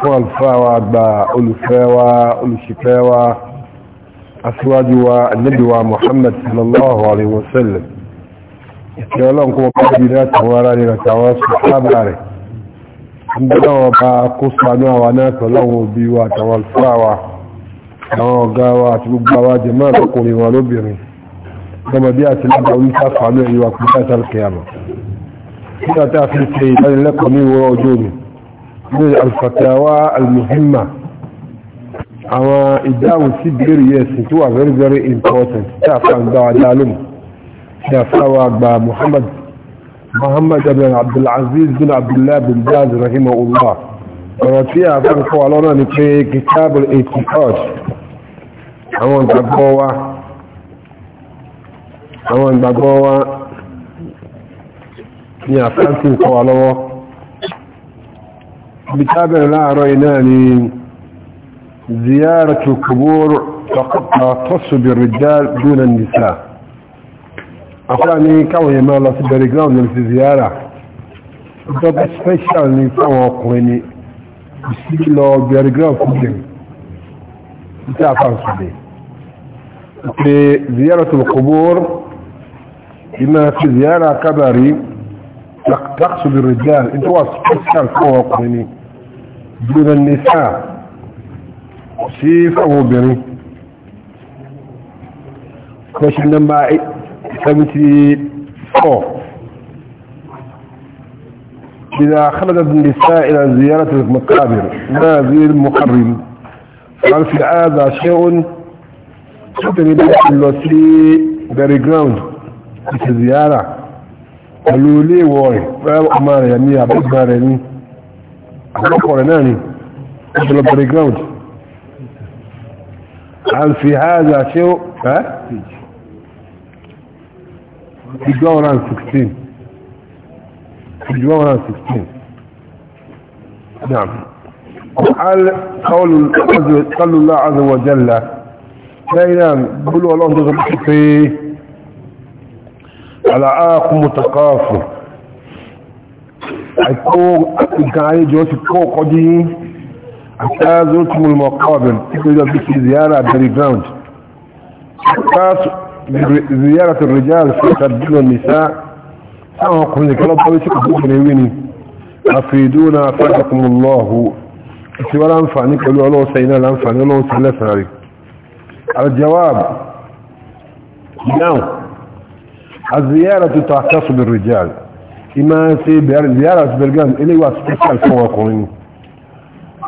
fún alfa wa àgbà olùfẹ́ wa olùṣìfẹ́ wa aṣíwájú wa annabi wa muhammad sallallahu alaihi wasallam ìkẹ́ ọlọ́run kó wọ́n bí náà tàwọn ará rẹ̀ tàwọn sọ̀tábà rẹ̀ ń bẹ́ẹ̀ wọn bá kó sànú àwa náà tọ́lọ́run òbí wa tàwọn alfa wa àwọn ọ̀gá wa àti gbogbo àwa من الفتاوى المهمة اما اداو سيبير يس تو very very important تعفان دا دالم تعفاوى با محمد محمد بن عبد العزيز بن عبد الله بن باز رحمه الله ورتي افان قوالونا نكي كتاب الاعتقاد àwọn ìgbàgbọ́ wa àwọn ìgbàgbọ́ wa ni àkáǹtì ń kọ́ wa lọ́wọ́ بتابع لا رأيناني زيارة القبور فقد تختص بالرجال دون النساء أخواني كوي ما الله سبري قلون في زيارة ده سبيشال ني فاو أخواني الله لو قلون جراوند بتابع بتاع في زيارة القبور إما في زيارة كبري تختص بالرجال انتوا هو سبيشال فاو دون النساء sí fáwọn obìnrin question number 74 إذا خلدت النساء إلى زيارة المقابر ما زي المقرم فهل في هذا شيء تبني تقريبا اللوسي بري جراوند في الزيارة قالوا لي ووري ما أمار يعني أبو أمار يعني أخبر ناني أخبر البريجراوند هل في هذا شيء ها في جوران 16 في جوران 16 نعم قال قول قال الله عز وجل لا إله قلوا الله عز وجل على آخم تقافر àìkó nǹkan ayé jọ ti kó kọjú yín àtà zotumul mọ̀kọ́bìn ìpínlẹ̀ bí ti ziyara berry ground ziyara tó rẹ̀ jáàrì fún ìtàdínà nìsá sáwọn ọkùnrin kí lọ́pọ̀ wíṣẹ́ kò gbogbo ewé ni àfìdúnà fàtàkùnmùlọ́hù ti wá láǹfààní pẹ̀lú ọlọ́ọ̀sẹ̀ iná láǹfààní ọlọ́ọ̀sẹ̀ lẹ́sàn rẹ̀ aljawab كما سي زيارة بلغان إلي واسبسال فوقهم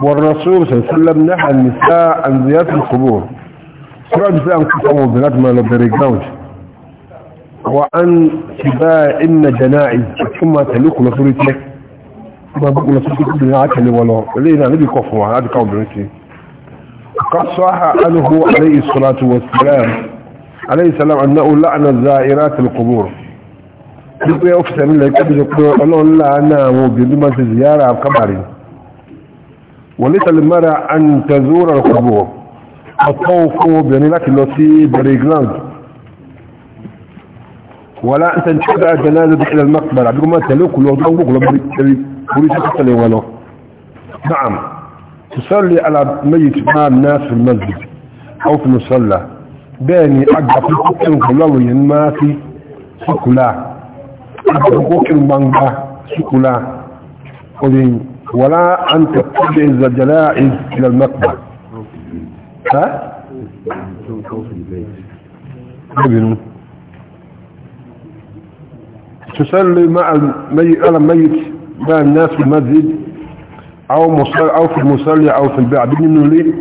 والرسول صلى الله عليه وسلم نحى النساء عن زيارة القبور سرعة نساء انقسموا بنات ما لبريقاوش وأن سباع إن جنائز ثم تلوك لسولته ما بقول لسولته كل نعاك اللي ولو إلينا نبي كفوا هذا قول بنتي قد صح عنه عليه الصلاة والسلام عليه السلام أنه لعن زائرات القبور wípé ọ́fíìsì nílẹ̀ kẹ́bíṣẹ́ pé ọlọ́run láàánà àwọn obìnrin máa ṣe ziyara kábàrí wọlé tàlímára an tẹ̀zúrà kọ̀bọ̀ ọ̀tọ́ fún obìnrin láti lọ sí bẹ̀rẹ̀ ground wà láǹtẹ̀ tí ó dáa jẹ́ náà lọ́dún ilẹ̀ makbara bí wọ́n tẹ̀lé kùlọ ọdún gbogbo orí tó tẹ̀lé wọn lọ naam tusalli ala mayyit ma nas fi masjid aw fi musalla bẹ́ẹ̀ ni agbàkú kúkú kùlọ حقوق بانجا سكولا ولا أن تتبع الجلائز إلى المقبرة ها؟ تصلي مع الميت على الميت مع الناس في المسجد أو مصلي أو في المصلي أو في البيع بدون ليه؟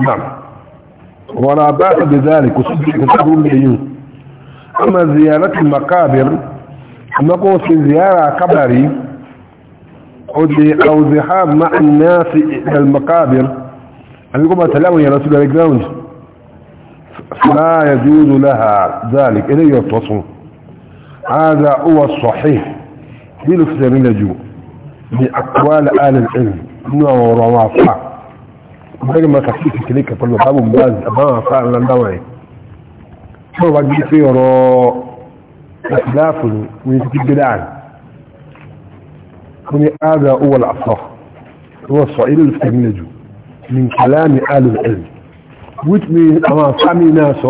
نعم ولا بأس بذلك وصدق وصدق أما زيارة المقابر أنكو في زيارة قبري أو ذهاب مع الناس إلى المقابر أنكم أتلاون يا رسول الله فلا يجوز لها ذلك إليه يتصل هذا هو الصحيح لنفسر نجو بأقوال آل العلم نوع روافع بقى ما تحكيك كليك فالمحاب مباز أبا فعلا دواي هو بقى في رو اختلاف ويجب بدعا هنا هذا هو الأصح هو الصعيد اللي استجنجوا من كلام آل العلم وتمي أما سامي ناس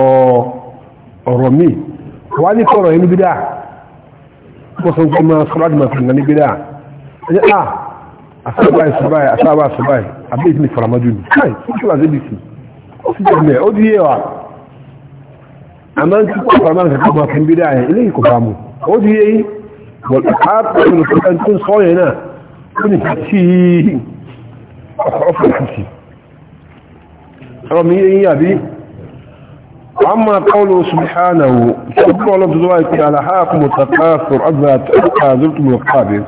رمي وعلي كورا يعني بدعا وصل كما صلعت ما كنا يعني بدعا اه أصابع صباي أصابع صباي أبيتني فرمجوني هاي شو لازم يسمي وفي جميع أوديوا amma su ko fama ka kuma kan bid'a ne ilai ku famu ko ji yayi wal ihab kun kan tun soyena kun ci ofa ci rami yayi abi amma qawlu subhanahu subhanahu wa ta'ala haakum taqasur azza taqazurtum alqabir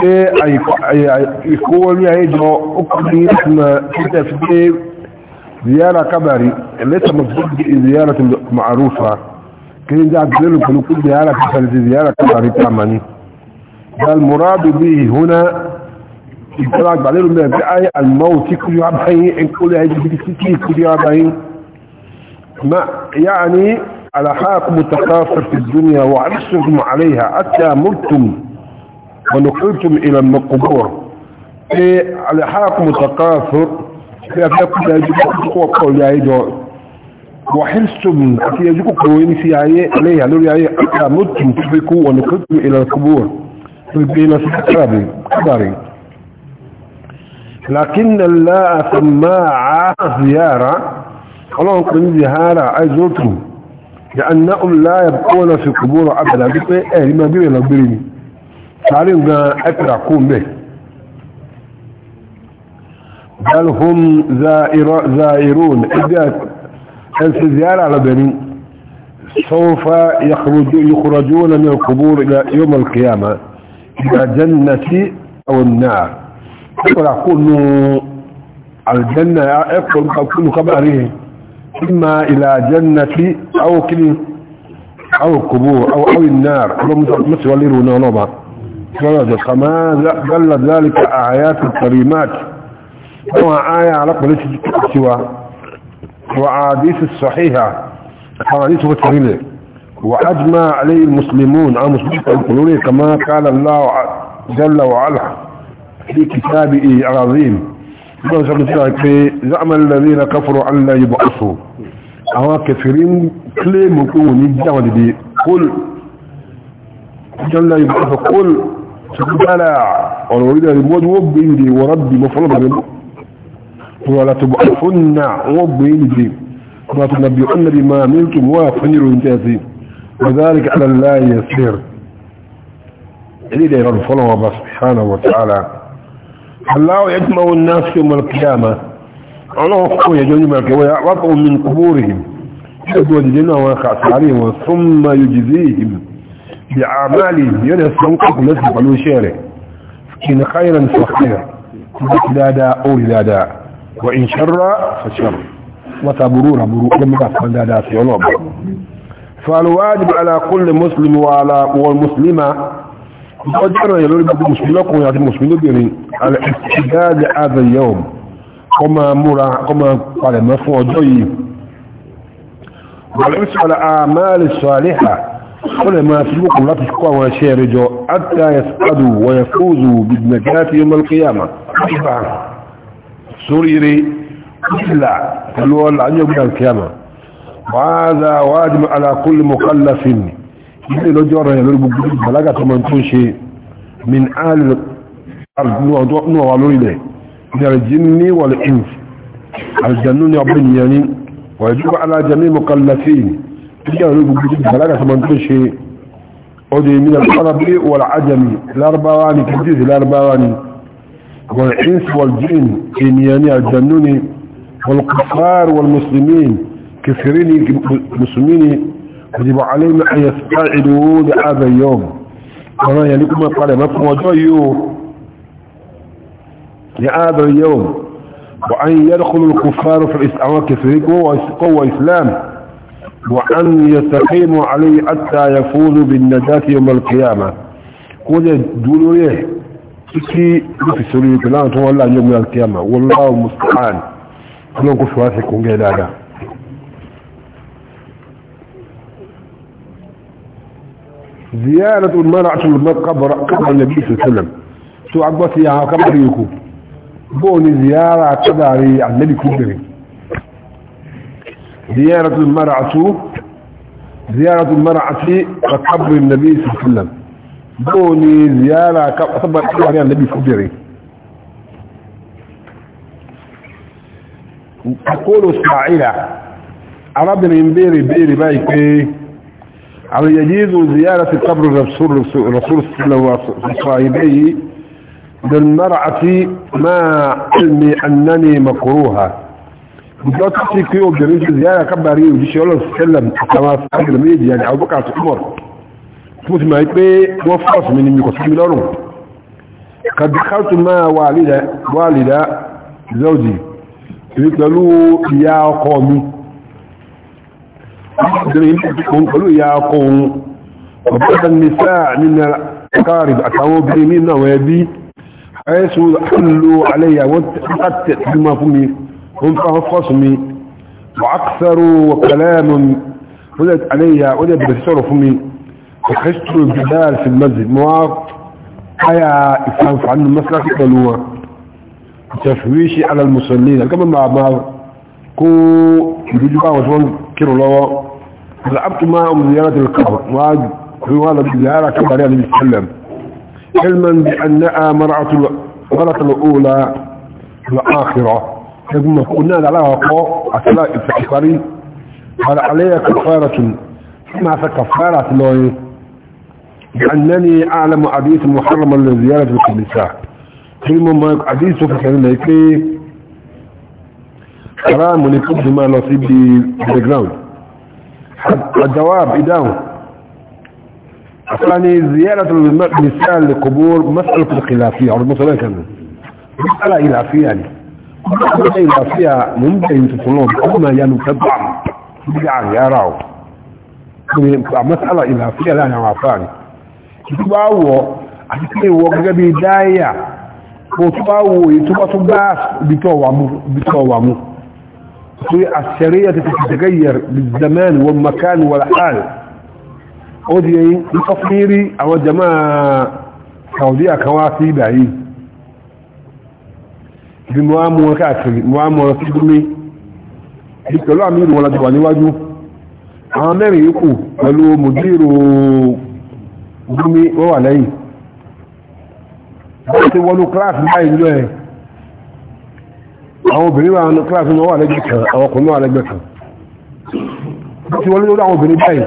ke ay ay ko wani ayi do ukuri ma kita fi زيارة قبري ليس مقصود زيارة معروفة كين جاء قبله كل زيارة كبري زيارة قبري تعمني فالمراد به هنا يتراك بعدين من الآية الموت كل يوم حي إن كل عيد بكتير كل يوم حي ما يعني على حق متقاصر في الدنيا وعرشتم عليها حتى مرتم ونقلتم إلى القبور على إيه حق متقاصر وحرصتم في يجوك قوين في عيه عليها لوري عيه أمدتم تفكوا ونقلتم إلى القبور إلى السكراب قدري لكن الله سماع زيارة الله قلن زيارة أي زرتم لأنهم لا يبقون في القبور أبدا بقى إيه ما بيبقى لبريني تعالوا أتركون به بل هم زائرون إذا الزيارة على بني سوف يخرجون من القبور إلى يوم القيامة إلى جنة أو النار يقول أقول الجنة يقول أقول خبره إما إلى جنة أو كلي أو القبور أو أو النار مثل وليرون ونوبة فماذا دلت ذلك آيات الكريمات هو آية على قولتي سوى وعاديث الصحيحة حديث وتغيله وأجمع عليه المسلمون أو مسلمين كما قال الله جل وعلا في كتابه العظيم زعم الذين كفروا أن لا يبعثوا أو كفرين كل مكون يجعل دي قل جل يبعثوا قل سبحانه ونريد أن وبين دي وربي مفرد بالموت ولا تبعثن وبين دي ولا تنبئن بما عملتم وفنروا انتهزين وذلك على الله يسير إلي دي رفضه الله سبحانه وتعالى الله يجمع الناس يوم القيامة الله قوي يجمع القيامة ويعرضوا من قبورهم يجدوا الجنة ويخعص عليهم ثم يجزيهم بأعمالهم ينسلنقف نسل فلو شيره فكين خيرا فخير لا داء أولي لا داء وإن شر فشر وتبرون بروء لما تفعل ذلك يا فالواجب على كل مسلم وعلى والمسلمة يقدر يلول بالمسلمين لكم يعني المسلمين بيرين على استعداد هذا اليوم كما مرا كما قال مفو جوي والحرص على أعمال الصالحة كل ما سلوكم لا تشكوا ولا شيء حتى يسعدوا ويفوزوا بالنجاة يوم القيامة سوريري إلا قالوا الله أن يقول الكيامة وهذا واجب على كل مكلف إذا لو جرى يقول بلغة من تنشي من آل الأرض نوع الولي من الجن والإنس الجنون يبني يعني ويجب على جميع مكلفين إذا لو بلغة من تنشي أدي من العرب والعجم الأربعاني كديث الأربعاني والإنس والجن إنياني الجنوني والكفار والمسلمين كثيرين مسلمين يجب عليهم أن يستعدوا لهذا اليوم وما يليكم قال ما فوجوا لهذا اليوم وأن يدخل الكفار في الإسلام كثيرين قوة إسلام وأن يستقيموا عليه حتى يفوزوا بالنجاة يوم القيامة قولي دولوا إيه títí ló fi sórí pẹ̀lú àwọn tó wọ́n láàrin ogun alkiyama wọ́n láwọn musta'an ọlọ́n kó fíwá sí kún gẹ́ dáadáa ziyaratu mar'atu al-maqbara qabr an-nabi sallallahu alaihi wasallam to agbati ya kabari ku bo ni ziyara kabari annabi kubri ziyaratu mar'atu ziyaratu mar'ati qabr an-nabi sallallahu alaihi wasallam bóò ni ziyara sábà kíwárí ànábì fúbìrì akóòlù sàáìlà arábìnrin béèrè béèrè báyìí pé àwọn yẹ̀yẹ́zù ziyara ti kábùrù rasul sílẹ̀wà sàáìlẹ̀ بالمرأة ما علمي أنني مكروها بجوة تحكي كيو بريد زيارة كباري وجيش يقول الله سلم كما سأجل ميدي يعني أو بكعة عمر mo ti máa pé wọ́n fọ́ọ̀sì mi ni mi kò sí mi lọ́rùn kàdíkàtù máa wà lìdá zọ́ọ̀dì èmi pẹ̀lú ìyá ọkọ mi pẹ̀lú ìyá ọkọ òun ọ̀pọ̀lọpọ̀ nìsá nínú káàrì àtàwọn obìnrin nínú àwọn ẹbí ẹ̀ẹ́sùn àlò àlẹ́yà wọ́n tàtẹ̀ tí ma fún mi wọ́n fọ́ọ̀sì mi wà á kẹsàrò wọ̀ kẹlẹ́ mi wọ́n tàtẹ̀ àlẹ́yà wọ́n tàtẹ̀ sọ̀rọ̀ fún mi وحسوا الجبال في المسجد مواق حياة إفهمت عنه مثلا قالوا تفويشي على المصلين كما ما بعض كو يجوا وزوان كيرو لوا لعبت أم زيارة القبر وعاد في هذا بزيارة كبر يعني بيتكلم علما بأنها مرأة المرأة الأولى الآخرة يقول قلنا لها وقوع أسلاء التكفري قال عليها كفارة ما كفارة لوين لأنني أعلم حديث محرم للزيارة في الكنيسة كلمة ما حديث في كلمة حرام لكبه ما نصيب بالجراوند الجواب إداهم أصلاني زيارة النساء لقبور مسألة الخلافية أو المسألة كانت مسألة إلافية يعني مسألة إلافية ممكن تطلون أما يعني تدعم يعني يا راو مسألة إلافية لا يعني عفاني tó bá wọ̀ àti pé ìwọ gẹ́gẹ́ bí dáyà kò tó bá wò èyí tó bá tó bá bitọ̀ wà mú tó yí àṣẹríyà ti fi tagayyar wọn makan saudi àkọwà sí ibà yìí ibi mo wá mú wọn káàkiri mo wá mú wọn sí gúnmí ibi wà níwájú àwọn mẹ́rin yìí pẹ̀lú mùdírò gúnmí wọ́n wà lẹ́yìn wọ́n ti wọnú kíláàsì báyìí ń lọ ẹ̀ àwọn obìnrin wà nínú kíláàsì wọn wà lẹ́gbẹ̀ẹ́ kan àwọn ọkùnrin wà lẹ́gbẹ̀ẹ́ kan wọ́n ti wọlé lórí àwọn obìnrin báyìí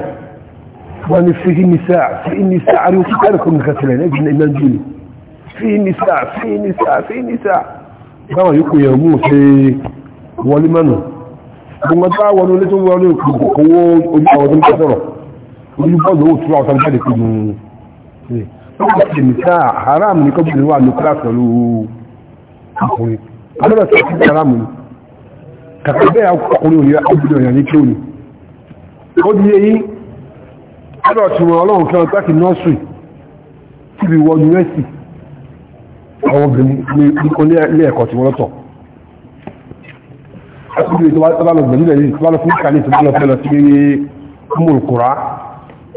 wọ́n ni fi nisa fi nisa ariwo kí káàdì kò nìkan sílẹ̀ lẹ́gbẹ̀ẹ́ iná jù ní fi nisa fi nisa fi nisa báwọn yòókù yẹn mú ojú àwọn tó ń bá ojú bọ́ọ̀lù ó tú àwọn tó jáde kúrò wọ́n ti nìta haram ní kọ́bìnrin wà ní kíláàsì pẹ̀lú ọkùnrin alẹ́bẹ̀ tó ti haram ní kàkà bẹ́ẹ̀ ọkùnrin òyìnbá ọkùnrin òyìnbá ní kí òní ó di eyín ọdọ̀ tí wọ́n ọlọ́run kẹwọn pẹ́kì nọ́ọ̀sì tí bí wọ́n ní mẹ́sì àwọn obìnrin ní ilé ẹ̀kọ́ tí wọ́n lọ́tọ̀ ọkùnrin tó bá lọ gbẹ̀lú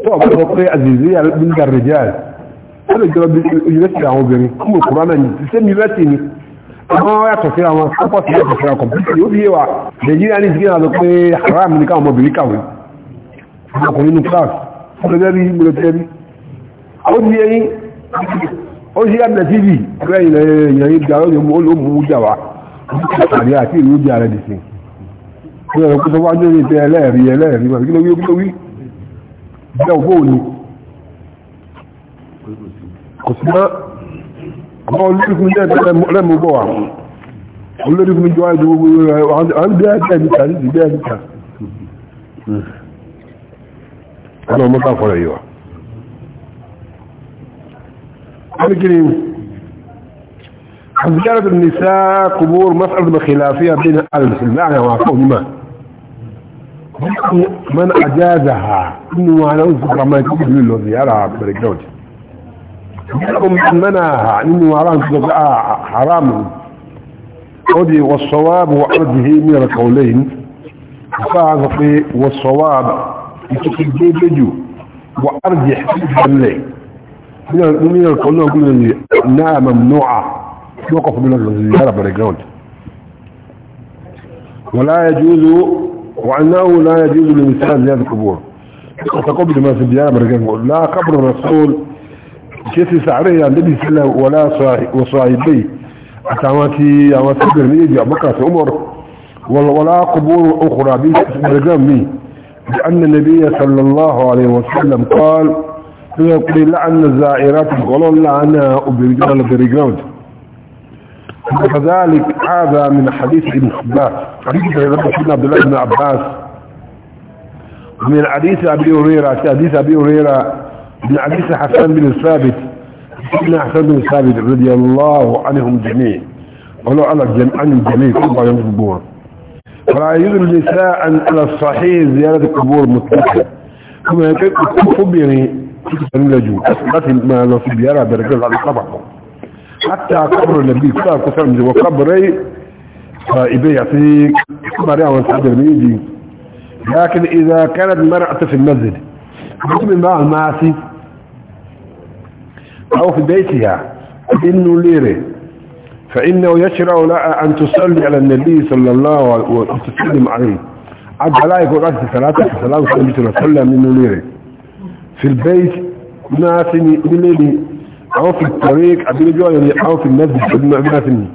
tó ọ̀pọ̀ sọ pé àzìzíyà nígbà rìjáàl ó lè jọ yúnẹ́sì àwọn obìnrin kúmù kùránà ní ti sẹ́mi yúnẹ́sì ni àwọn yàtọ̀ sí àwọn sọ́pọ̀tì yàtọ̀ sí àwọn kọ̀mpútì ó fi yé wa nàìjíríà ní ìsìnkú àwọn pé haram ní káwọn ọmọbìnrin kàwé ọkùnrin ní class ọlọ́dẹ́rí mọ̀lẹ́tẹ́rí ó ti yẹ yín ó ṣe àbẹ̀ tv لو بولي قسمة قول لك من ذات أنا مؤلم وضوع قول لك من جواد وعند ذات ذات ذات أنا مطاف ولا أيوة الكريم حذرة النساء قبور مسألة خلافية بين المسلمين يعني ما أقول ما من أجازها إنه على أذكر ما يقول له زيارة بريكوت منكم من منعها إنه أرام حرام ودي والصواب وعرضه من القولين فاعظقي والصواب يتقل بيجو وأرجح من جملي من القولين يقول إنها ممنوعة يوقف من الزيارة بريكوت ولا يجوز وأنه لا يجوز للإنسان زيادة القبور وتقبل بما في الديانة بركان لا قبر الرسول كيسي سعريه النبي صلى الله عليه وسلم ولا صاحب وصاحبي أتعماتي أماتي برميدي أبكرة عمر ولا قبور أخرى بركان مي لأن النبي صلى الله عليه وسلم قال يقول لعن الزائرات الغلول لعنها وبرجال بريجراوند فذلك هذا من حديث ابن عباس حديث سيدنا عبد الله بن عباس من حديث ابي هريره حديث ابي هريره من حديث حسان بن ثابت سيدنا حسان بن ثابت رضي الله عنهم جميعا ولو على الجميع عن الجميع كلها ينصبون فلا يجوز النساء على الصحيح زيارة القبور مطلقة كما يكون كبيري تكسر لجوء أسقط ما في يرى بركز على قبعهم حتى قبر النبي صلى الله عليه وسلم وقبري فإبي يعطيك قبري أو الحد الميدي لكن إذا كانت المرأة في المسجد بسم مع المعاصي أو في بيتها إنه ليره فإنه يشرع لها أن تصلي على النبي صلى الله عليه وسلم عليه عبد لا يقول أجل ثلاثة في ثلاثة صلى الله عليه ليره في البيت ناس من ليلي أو في الطريق الجوال يعني أو في المسجد ابن فيني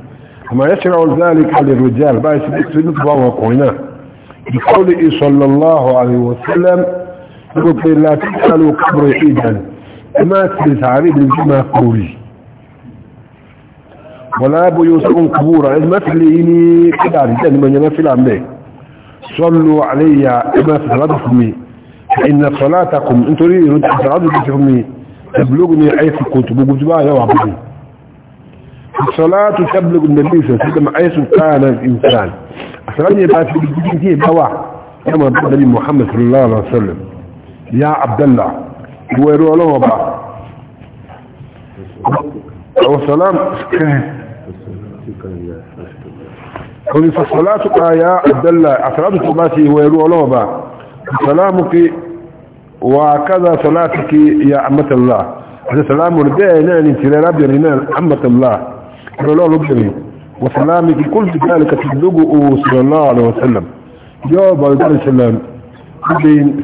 وما يشرع ذلك للرجال بقى يسبق سنطبع وقوينا بقوله صلى الله عليه وسلم يقول لا تسألوا قبر عيدا ما تسعري بالجمع قولي ولا بيوسكم قبورا ما تليني كده رجال من يمثل عمي صلوا علي ما تسردكم فإن صلاتكم انتوا ليه ردت تسردكم تبلغني حيث كنت بقول جبا يا عبدي الصلاة تبلغ النبي صلى الله عليه وسلم حيث كان الإنسان الصلاة يبقى في الجديد هي بوا كما قال محمد صلى الله عليه وسلم يا عبد الله ويروا له وبا والسلام قل فالصلاة يا عبد الله الصلاة تباتي ويروا له بقى سلامك وكذا صلاتك يا عمة الله هذا سلام ردائنا يعني انت لرب الرمال عمة الله رلو لبري وسلامك كل ذلك تبلغه صلى الله عليه وسلم جواب عليه السلام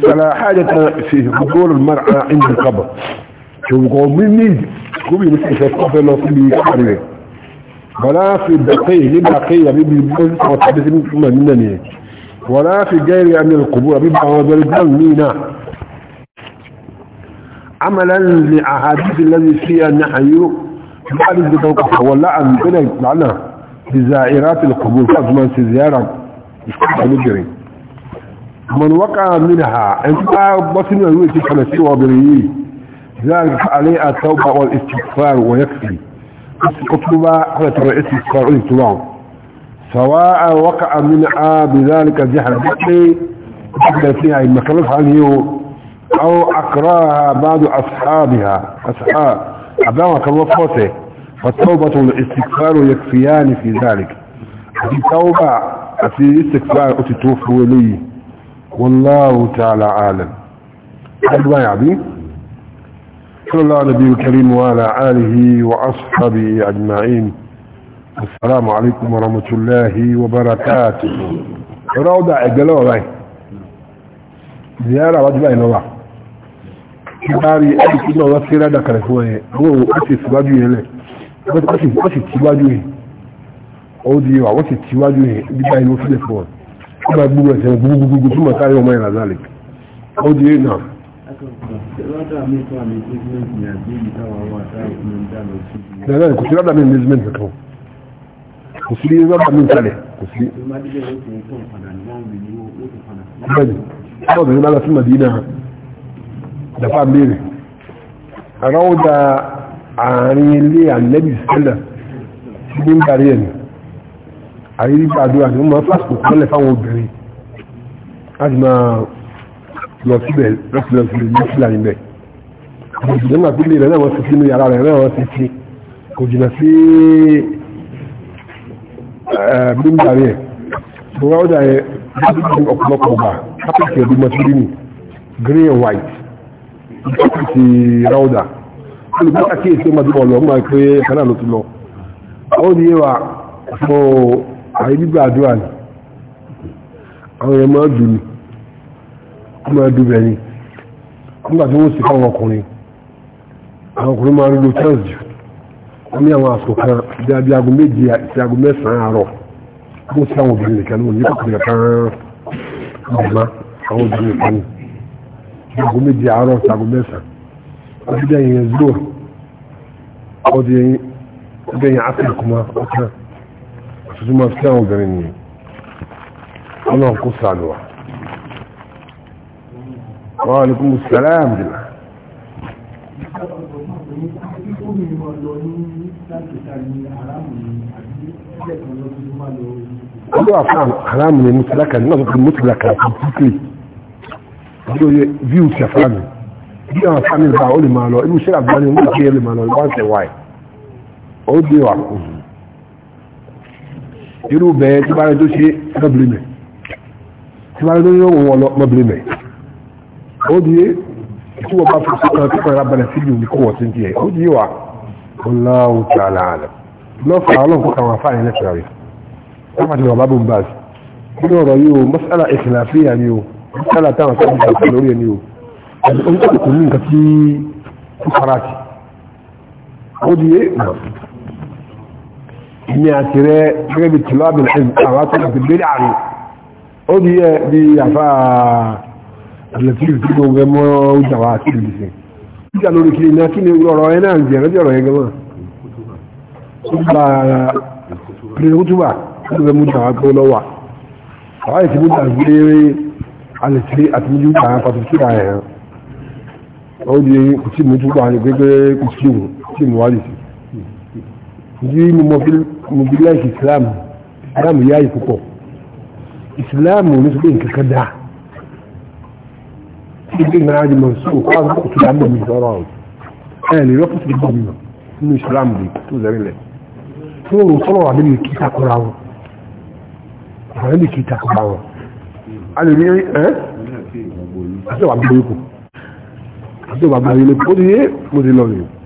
سلا حاجة في حضور المرعى عند القبر شو من نيد قومين مثل شاكوفة الله صلي كاريه ولا في البقية للبقية بيبقى وتحدث منكم منني ولا في غير عن القبور بيبقى وضربان مينا عملا لأحاديث الذي فيها نحي يحدث بتوقف ولا عن بنا معنا بزائرات القبور فأزمان في زيارة من وقع منها انتقى بصنع في الحنسي وابريه ذلك عليه التوبة والاستغفار ويكفي اطلب على الرئيس الصارعي تمام سواء وقع منها بذلك جهر بحثي فيها المكلف عنه او اكرهها بعض اصحابها اصحاب ابامك الله فوته فالتوبة والاستغفار يكفيان في ذلك في توبة في استغفار اتتوف ولي والله تعالى عالم هل يا عبي صلى الله على نبي الكريم وعلى آله وأصحابه أجمعين السلام عليكم ورحمة الله وبركاته روضة اجلوه باي زيارة واجبة نواه ìbárí ẹ̀dùkú náà wá sí rádà kalẹ̀ fún ẹ̀ wọ́n ò sì síwájú yẹn lẹ̀ wọ́n sì tíwájú yẹn ó di wà wọ́n sì tíwájú yẹn bíbá inú sílẹ̀ fún wọn wọ́n bá gbúgbú ẹ̀sẹ̀ gbúgbúgbúgbú fún mọ̀tàrí ọmọ ìlànà àlẹ́ ó di yẹn náà. Nàìjíríà kò sí rádà mi management kankan kò sí rádà mi kalẹ̀ kò sí. Bẹ́ẹ̀ni, ọ̀dọ̀ ni bá lọ sí Màdínà dafa béèrè ráúdà àárín ilé ànẹ́bì sílẹ̀ sí ní gàrí ẹ̀nì àrírí gbàdúrà ní wọ́n fásitì kọ́lẹ̀ fáwọn obìnrin láti máa lọ síbẹ̀ lọ́sílọ́sílẹ̀ ní sílẹ̀ níbẹ̀ ìjọba tó lè rẹ̀ náà wọ́n ti sínú yàrá rẹ̀ náà wọ́n ti sí kò jìnà sí mímbàrí ẹ̀ ráúdà ẹ̀ ọ̀pọ̀lọpọ̀ gbà kápẹ́kì ẹ̀dùn mọ́tírínì green and white ti ráúdà olùgbọ́ta kí èsì ọmọdé ọ̀lọ́ máa pé ẹ̀kaná ló ti lọ ó ní ẹwà fún àyè gbígbà àdúrà ní àwọn ẹ̀mọ́ dùn ní ọmọ ẹ̀dùn bẹ̀ ní nígbà tí wọ́n sì fáwọn ọkùnrin àwọn ọkùnrin máa ń lo chance jù wọ́n ní àwọn àsìkò kan bí abí aago méje àti aago mẹ́sàn-án àárọ̀ wọ́n sì àwọn obìnrin nìkan ní wọ́n ní kọ̀ọ̀kan nìkan ọ̀gbọ́n àwọn obìnrin nìkan ní aago méje àárọ̀ sí aago mẹ́sàn-án ọdún dẹ́yìn yẹn zoro ọdún yẹn ọdún yẹn afẹ́ kuma ọ̀kan àtúntò máa fi àwọn obìnrin nìyẹn ọlọ́run kó sànù wa. wa alaikum salaam jìnnà. ọdún àfọ àlámù ni mùsùlùmí náà tó fi mùsùlùmí kan fún kíkì ló yẹ view ṣẹfà mi bí àwọn sami bá ó lè máa lọ inú ṣẹlẹ̀ àgbáni ó lè lè máa lọ wọ́n ṣe wáyé ó dé wà kù irú bẹ́ẹ̀ tí bá rẹ tó ṣe mọ́bìlì mẹ́ tí bá rẹ tó yẹ wọ́n lọ mọ́bìlì mẹ́ ó di tí wọ́n bá fi ṣe kan tí kan yàrá balẹ̀ síbi òní kó wọ́n ti ń tiẹ̀ ó o wà Allahu ta'ala àlẹ́ lọ́fà ọlọ́nkọ́ kan wà fáyẹn lẹ́fẹ̀ẹ́ rẹ̀ wọ́n bá ti wà bá bùn báàsì nínú ọ̀rọ̀ yìí o mas'ala ikhlafiyya ni o kálá táwọn sọ́dún ìgbà lórí ẹni o ọdún tó kò ní nǹkan tí ó fara sí ó di èèmà ní àti rẹ gẹ́gẹ́ bí tìlọ́bìn àwọn akọ́kọ́ ti bẹ́rẹ̀ àrùn ó di ẹ bí àfá àtìlẹ́tìlì tí mo gẹ́ mọ́ ìjà wa àti ìlú sí ìjà lórí kiri náà kí ni ọ̀rọ̀ ẹ náà ń jẹ́ lọ́jọ́ ọ̀rọ̀ ẹ gẹ́mọ́ pèrè kútùbà ó eh, ti fẹ́ mú ìjà wa gbọ́ lọ́wà àwọn ìtìmú ìjà gbé alẹ́tìrí àti mójú gbà á pàtó kíra ẹ̀ hàn ó di kò tí mójú gbà á ní gbẹgbẹ́ kò tí mú tí mú wálé sí ní mo bí láìkì islam islam yá yìí púpọ̀ islam ní sọ pé nǹkan kan dáa tí ìgbé ìgbà ajé mọ̀ sí òkú àwọn òkú tó dáa mi sọ̀rọ̀ ẹ̀ lè rọ́pò sí ìgbà mi nínú islam lè tó zẹ́rìn lẹ̀ tó rò sọ̀rọ̀ àbí mi kí takora wọn alèrí ẹ́ àti wà gbogbo ikú àti wà gbogbo ikú ó ti yé mo ti lọ rèé